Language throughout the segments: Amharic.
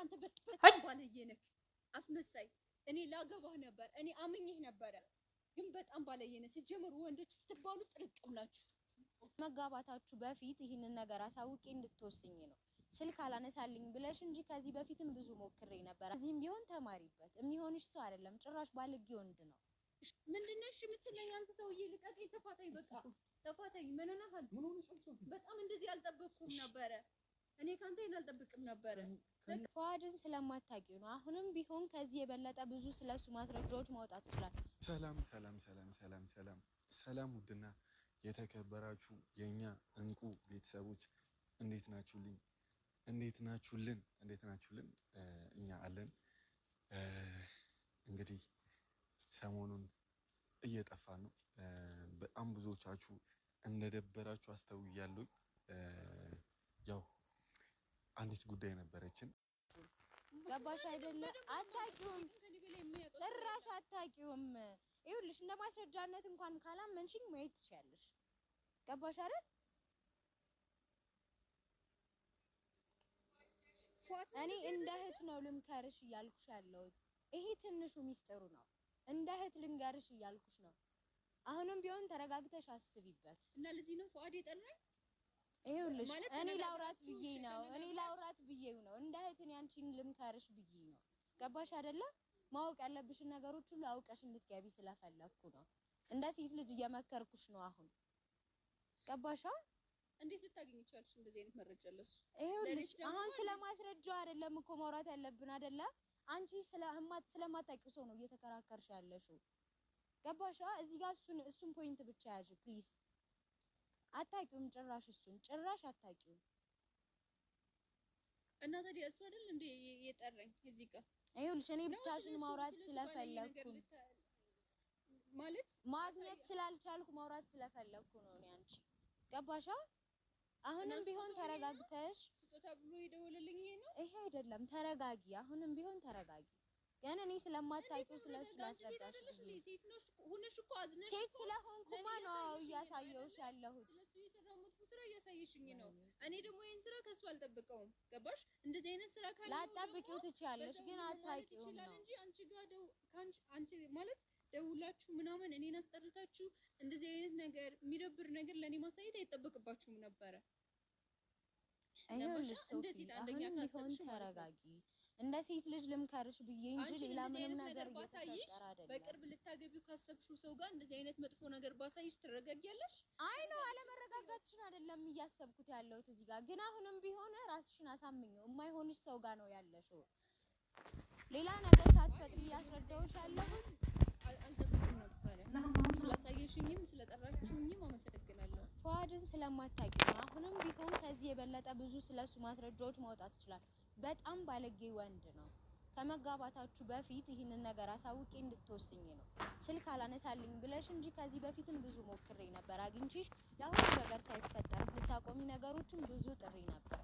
አንተ በጣም ባለየ ነህ፣ አስመሳይ። እኔ ላገባህ ነበር፣ እኔ አምኜህ ነበረ፣ ግን በጣም ባለየ ነህ። ሲጀምሩ ወንዶች ስትባሉ ጥርቅም ናችሁ። መጋባታችሁ በፊት ይህንን ነገር አሳውቄ እንድትወስኝ ነው። ስልክ አላነሳልኝ ብለሽ እንጂ ከዚህ በፊትም ብዙ ሞክሬ ነበር። እዚህም ቢሆን ተማሪበት፣ የሚሆንሽ ሰው አይደለም። ጭራሽ ባለጌ ወንድ ነው። ምንድን ነሽ የምትለኝ? አንተ ሰውዬ ልቀቀኝ፣ ተፋታኝ፣ በቃ ተፋታኝ። ምን ሆነሃል? በጣም እንደዚህ አልጠበቅኩም ነበረ እኔ ከአንተ ይሄን አልጠብቅም ነበረ። ፈዋድን ስለማታውቂው ነው። አሁንም ቢሆን ከዚህ የበለጠ ብዙ ስለሱ ማስረጃዎች ማውጣት ይችላል። ሰላም ሰላም ሰላም ሰላም ሰላም ሰላም። ውድና የተከበራችሁ የኛ እንቁ ቤተሰቦች እንዴት ናችሁልኝ? እንዴት ናችሁልን? እንዴት ናችሁልን? እኛ አለን። እንግዲህ ሰሞኑን እየጠፋ ነው። በጣም ብዙዎቻችሁ እንደደበራችሁ አስተውያለሁ። ያው አንዲት ጉዳይ ነበረችን። ገባሽ አይደለ? አታውቂውም፣ ጭራሽ አታውቂውም። ይኸውልሽ እንደ ማስረጃነት እንኳን ካላመንሽኝ ማየት ትችያለሽ። ገባሽ አይደል? እኔ እንደ እህት ነው ልምከርሽ እያልኩሽ ያለሁት። ይሄ ትንሹ ሚስጥሩ ነው። እንደ እህት ልንገርሽ እያልኩሽ ነው። አሁንም ቢሆን ተረጋግተሽ አስቢበት እና ለዚህ ነው ፉአድ የጠራኝ ይኸውልሽ እኔ ላውራት ብዬ ነው እኔ ላውራት ብዬው ነው እንደ እህትን ያንቺን ልምከርሽ ብዬ ነው። ገባሽ አይደለ? ማወቅ ያለብሽን ነገሮች ሁሉ አውቀሽ እንድትገቢ ስለፈለግኩ ነው። እንደ ሴት ልጅ እየመከርኩሽ ነው አሁን። ገባሻ? እንዴት ልታገኝ ይችላልሽ? እንደዚህ አይነት መረጃ ለሱ ይኸውልሽ፣ አሁን ስለማስረጃው አይደለም እኮ ማውራት ያለብን አይደለ? አንቺ ስለማት ስለማታውቂው ሰው ነው እየተከራከርሽ ያለሽው። ገባሻ? እዚህ ጋር እሱን እሱን ፖይንት ብቻ ያዥ ፕሊዝ አታውቂውም። ጭራሽ እሱን ጭራሽ አታውቂውም። እና ታዲያ እሱ አይደል እንዴ የጠራኝ እዚህ ጋር ይኸውልሽ፣ እኔ ብቻሽን ማውራት ስለፈለኩ ማለት ማግኘት ስላልቻልኩ ማውራት ስለፈለኩ ነው። እኔ አንቺ ገባሻ? አሁንም ቢሆን ተረጋግተሽ ስጦታ ብሎ ይደውልልኝ ነው። ይሄ አይደለም። ተረጋጊ። አሁንም ቢሆን ተረጋጊ። ግን እኔ ስለማታውቂው ስለሱ ላስረዳሽ። ሴት ስለሆንኩማ ነው እያሳየሁሽ ያለሁት ስለሆንኩኝ ነው። እኔ ደግሞ ይሄን ስራ ከሱ አልጠብቀውም። ገባሽ? እንደዚህ አይነት ስራ ካለ ላጠብቂው ትችያለሽ፣ ግን አታውቂውም ነው እንጂ አንቺ ጋር ደው አንቺ ማለት ደውላችሁ ምናምን እኔን አስጠርታችሁ እንደዚህ አይነት ነገር የሚደብር ነገር ለእኔ ማሳየት አይጠበቅባችሁም ነበረ። ይኸውልሽ እንደዚህ አሁንም ቢሆን ተረጋጊ እንደ ሴት ልጅ ልምከርሽ ብዬ እንጂ ሌላ ምንም ነገር ባሳይሽ፣ በቅርብ ልታገቢው ካሰብሽው ሰው ጋር እንደዚህ አይነት መጥፎ ነገር ባሳይሽ ትረጋጊያለሽ? አይ ነው አለመረጋጋትሽን አይደለም እያሰብኩት ያለሁት እዚህ ጋር ግን፣ አሁንም ቢሆን ራስሽን አሳምኝ። የማይሆንሽ ሰው ጋር ነው ያለሽው። ሌላ ነገር ሳትፈጥሪ እያስረዳሁሽ ያለሁት አልጠብቅም ነበረ። ስላሳየሽኝም ስለጠራችሁኝም አመሰግናለሁ። ፈዋድን ስለማታውቂ ነው። አሁንም ቢሆን ከዚህ የበለጠ ብዙ ስለሱ ማስረጃዎች ማውጣት ይችላል። በጣም ባለጌ ወንድ ነው። ከመጋባታችሁ በፊት ይህንን ነገር አሳውቄ እንድትወስኝ ነው። ስልክ አላነሳልኝ ብለሽ እንጂ ከዚህ በፊትም ብዙ ሞክሬ ነበር አግኝቼሽ የአሁኑ ነገር ሳይፈጠር ልታቆሚ ነገሮችን ብዙ ጥሪ ነበር፣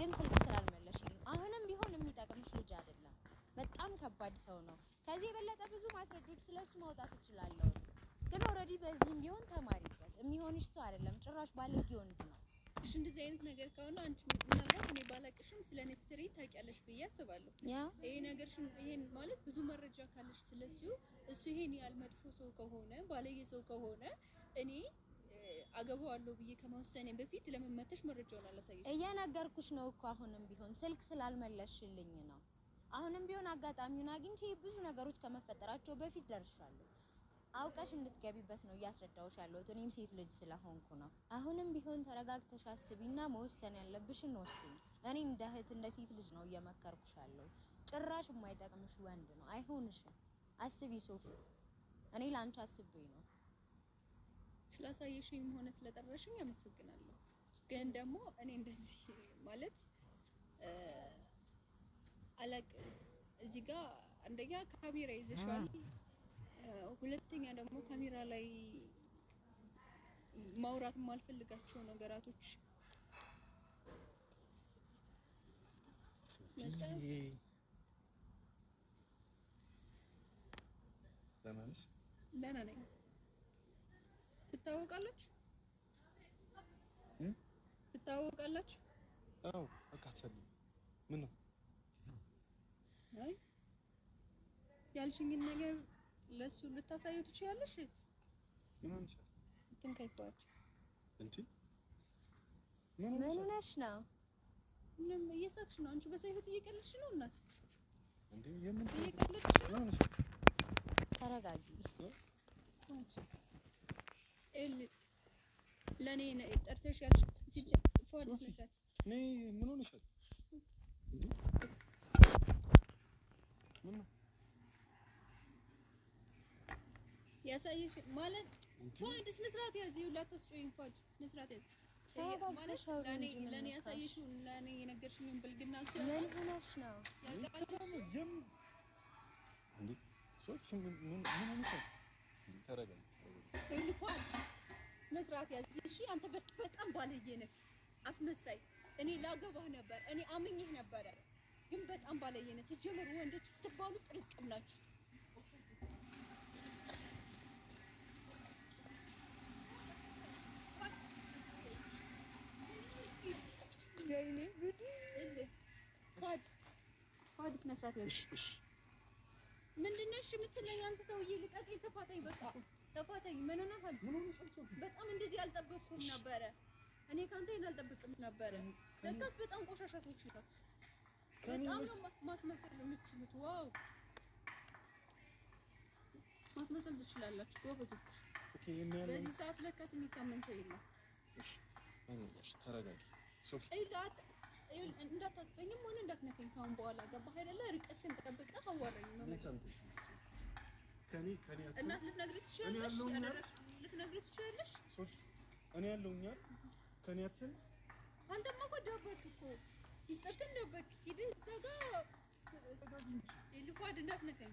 ግን ስልክ ስላልመለሽልኝ አሁንም ቢሆን የሚጠቅምሽ ልጅ አይደለም። በጣም ከባድ ሰው ነው። ከዚህ የበለጠ ብዙ ማስረጃዎች ስለሱ ማውጣት እችላለሁ፣ ግን ኦልሬዲ በዚህም ቢሆን ተማሪበት። የሚሆንሽ ሰው አይደለም፣ ጭራሽ ባለጌ ወንድ ነው። እሺ እንደዚህ አይነት ነገር ከሆነ አንቺ ምናልባት እኔ ባላቅሽም ስለ ኒስትሪ ታውቂያለሽ ብዬ አስባለሁ። ይሄ ነገርሽን ይሄን ማለት ብዙ መረጃ ካለሽ ስለሱ እሱ ይሄን ያህል መጥፎ ሰው ከሆነ ባለየ ሰው ከሆነ እኔ አገባዋለሁ ብዬ ከመወሰኔ በፊት ለመመተሽ መረጃውን አላሳየሽ። እየነገርኩሽ ነው እኮ አሁንም ቢሆን ስልክ ስላልመለሽልኝ ነው። አሁንም ቢሆን አጋጣሚውን አግኝቼ ብዙ ነገሮች ከመፈጠራቸው በፊት ደርሻለሁ። አውቀሽ እንድትገቢበት ነው እያስረዳሁሽ ያለሁት። እኔም ሴት ልጅ ስለሆንኩ ነው። አሁንም ቢሆን ተረጋግተሽ አስቢና መወሰን ያለብሽን ወስኝ። እኔ እንደ እህት እንደ ሴት ልጅ ነው እየመከርኩሽ ያለሁት። ጭራሽ የማይጠቅምሽ ወንድ ነው፣ አይሆንሽም። አስቢ ሶፊ፣ እኔ ለአንቺ አስቤ ነው። ስላሳየሽኝም ሆነ ስለጠራሽኝ አመሰግናለሁ። ግን ደግሞ እኔ እንደዚህ ማለት አለቅ እዚህ ጋር አንደኛ ካሜራ ይዘሻል ሁለተኛ ደግሞ ካሜራ ላይ ማውራት የማልፈልጋቸው ነገራቶች ደህና ነኝ። ትታወቃላችሁ? ትታወቃላችሁ? አዎ። ምን ነው ያልሽኝን ነገር ለሱ ልታሳየው ትችያለሽ። ምን ይችላል? ትንከይቷች እንዴ? ምን ሆነሽ ነው? ምንም እየሳቅሽ ነው አንቺ። በሰው እየቀለድሽ ነው እናት። እንዴ የምን እየቀለድሽ ነው? ተረጋጊ። ኤል ለኔ ነው ጠርተሽ ያልሽ። ሲጀ ፎርስ ምን ምን ሆነሻል? አየሽ ማለት ፖይንት ስነ ስርዓት ያዝ ይውላት ተስጮ ይንፋድ ስነ ስርዓት ያዝ ማለት አንተ በጣም ነህ አስመሳይ እኔ ላገባህ ነበር እኔ አምኜህ ነበረ ግን በጣም ባለየ ነህ ሲጀምር ወንዶች ስትባሉ ጥርቅም ናችሁ መስራት ነው። ምንድን ነው እሺ የምትለኝ አንተ ሰውዬ? ልቀቀኝ፣ ተፋታኝ፣ በቃ ተፋታኝ። ምን ሆነሃል? በጣም እንደዚህ አልጠበቅኩም ነበረ። እኔ ከአንተ ይሄን አልጠብቅም ነበረ። ለካስ በጣም ቆሻሻ ሰዎች ናችሁ። በጣም ነው ማስመሰል የምትችሉት። ዋው ማስመሰል ትችላላችሁ ጎበዞች። በዚህ ሰዓት ለካስ የሚታመን ሰው የለም። ተረጋጊ ሶፊ እንዳታጥፈኝም ሆነ እንዳትነከኝ ካሁን በኋላ ገባህ አይደለ? አዋራኝ ነው እናት ትችያለሽ፣ ትችያለሽ። እኔ አንተማ እኮ ደበክ እኮ ደበክ ሂድ እዛ ጋ እንዳትነከኝ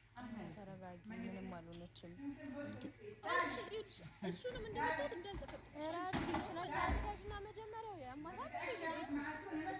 ተረጋጊ፣ ምንም አልሆነችም። እሱንም እንደመጣት እንዳልተፈጠራሽ መጀመሪያው ያማታት ትስቃላችሁ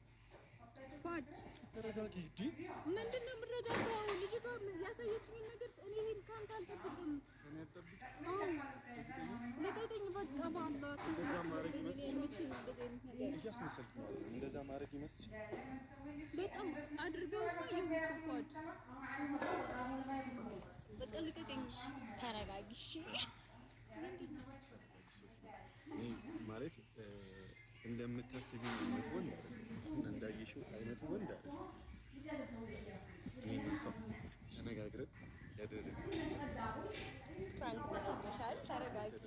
ተረጋጊ። ምንድን ነው ልጅቷ ያሳየችኝ ነገር እኔ ይሄን ካንተ አልጠብቅም። ልቀቀኝ በቃ እንደዛ ማድረግ ይመስልሽ? በጣም አድርገው በቃ ልቀቀኝ። ማለት እንደምታስቢ የምትፈልጊው አይነት ወንድ አለ። እኔና እሷ ተነጋግረን ያደረግን ተረጋጊ።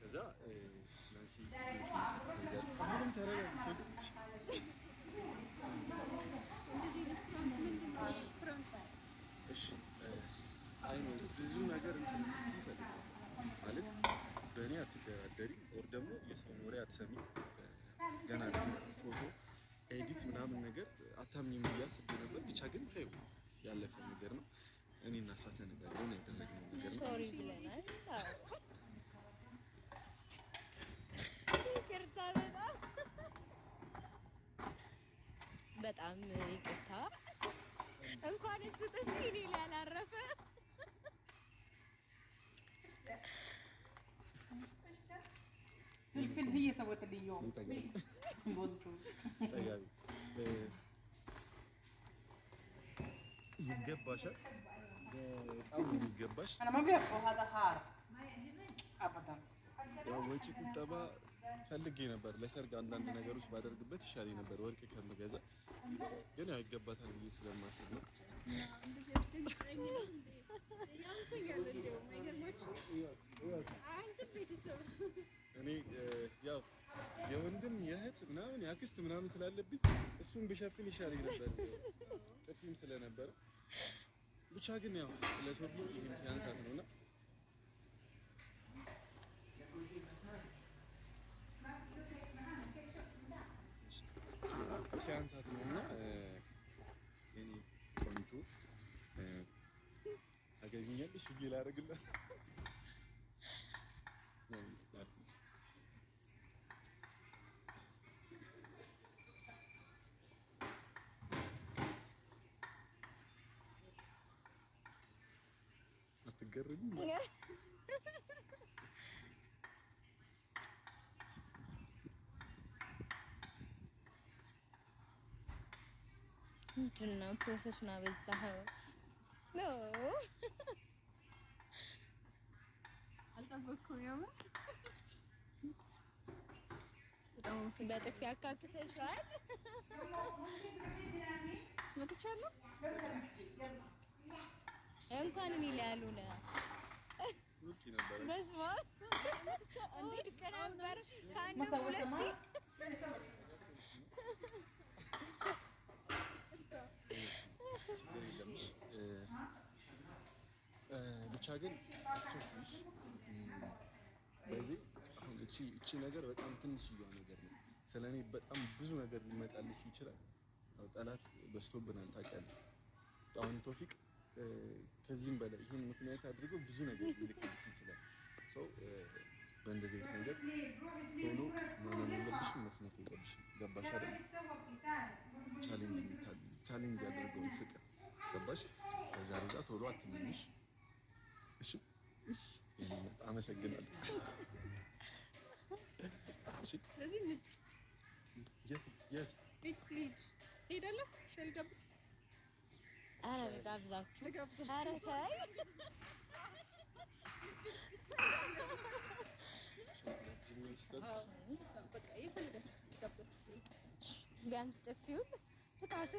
ከዛ ናንቺ ብዙ ነገር እንትን ማለት በእኔ አትደራደሪ፣ ወር ደግሞ የሰውን ወሬ አትሰሚ ገና ፎቶ ኤዲት ምናምን ነገር አታምኝም እያስብ ነበር። ብቻ ግን ተይው ያለፈ ነገር ነው። እኔ እና እሷ ተነጋግረን ያደረግነው ነገር ነው። ሶሪ በጣም ይቅርታ። እንኳን እሱ ጥፊ ሌላ ያላረፈ ፍልፍል ብዬ ሰወትልየው ይገባሻል፣ የሚገባሽ ወጪ ቁጠባ ፈልጌ ነበር። ለሰርግ አንዳንድ ነገሮች ባደርግበት ይሻል ነበር ወርቅ ከምገዛ፣ ግን ያው ይገባታል ብዬ ስለማስብ ነው። እኔ ያው የወንድም የእህት ምናምን ያክስት ምናምን ስላለብኝ እሱን ብሸፍን ይሻል ነበር፣ ጥፊም ስለነበረ ብቻ ግን ያው ለሶፊ ይህን ሲያንሳት ነውና ሲያንሳት ነውና የኔ ቆንጆ ታገቢኛለሽ ብዬ ላደርግላት አስገርም ምንድነው? ፕሮሰሱን አበዛኸው ነው። አልጠበኩም። የምር በጥፊ አካክሰሻል። መጥቻለሁ እንኳን እኔ ነበር? ብቻ ግን በዚህ አሁን እቺ እቺ ነገር በጣም ነገር ነው። በጣም ብዙ ነገር ሊመጣልሽ ይችላል። ጠላት በዝቶብናል ታውቂያለሽ። አሁን ቶፊቅ ከዚህም በላይ ይህን ምክንያት አድርገው ብዙ ነገር ሊልክልሽ ይችላል። ሰው በእንደዚህ አይነት ነገር ቶሎ ማመን የለብሽም፣ መስነፍ የለብሽም። ገባሽ አይደል? ቻሌንጅ የሚታል ቻሌንጅ ያደርገውን ፍቅር ገባሽ? በዛ ረዛ ቶሎ አትመኝሽ። እሺ፣ አመሰግናለሁ። ስለዚህ ልጅ የት የት ልጅ ሄዳለሁ ሸልጋብስ ኧረ ልጋብዛችሁ። ኧረ ተይ ቢያንስ ጥፊውን ትካስ